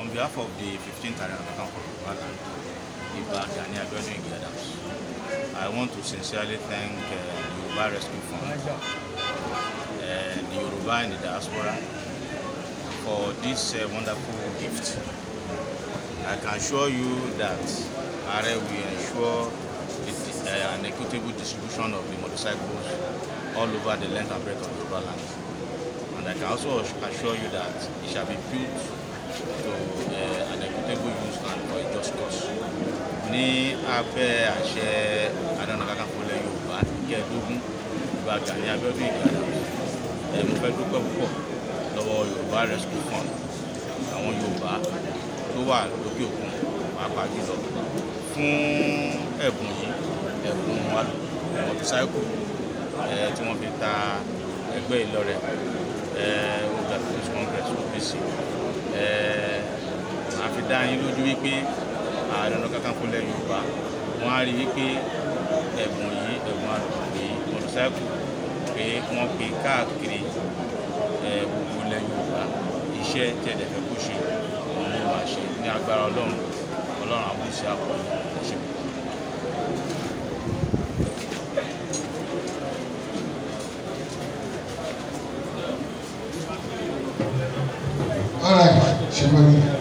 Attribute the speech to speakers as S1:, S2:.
S1: On behalf of the 15th Arena African Football and Iba Gani Abiodun I want to sincerely thank uh, the Yoruba Rescue Fund, uh, the Yoruba in the diaspora, for this uh, wonderful gift. I can assure you that ARE will ensure it, uh, an equitable distribution of the motorcycles all over the length and breadth of Yoruba land. And I can also assure you that it shall be built abẹ́ àṣẹ Ààrẹ Ọ̀nà Kakanfò ilẹ̀ Yorùbá kẹẹ̀ẹ́dógún ìgbà Gani Abíọ́dún Ìgbàlà ẹ̀ mo fẹ́ dúpẹ́ púpọ̀ lọ́wọ́ Yorùbá Rescue Fund àwọn Yorùbá tó wà lókè òkun pàápàá jùlọ fún ẹ̀bùn yìí ẹ̀bùn mọ́tòsáìkù tí wọ́n fi ta ẹgbẹ́ Ìlọrẹ Old People's Congress OPC àfi dá yín lójú wípé ààrẹ ọ̀nà kakanfò ilẹ̀ yorùbá wọ́n á rí i pé ẹ̀bùn yìí ẹ̀bùn àdùnkè mọ̀tòsáìkù pé wọ́n pe káàkiri gbogbo ilẹ̀ yorùbá iṣẹ́ tẹ̀lé fẹ́ kó ṣe òun ló máa ṣe ní agbára ọlọ́run ọlọ́run àwọn iṣẹ́ àpọ̀ ọ̀ṣẹ́.
S2: All right, Shimoni.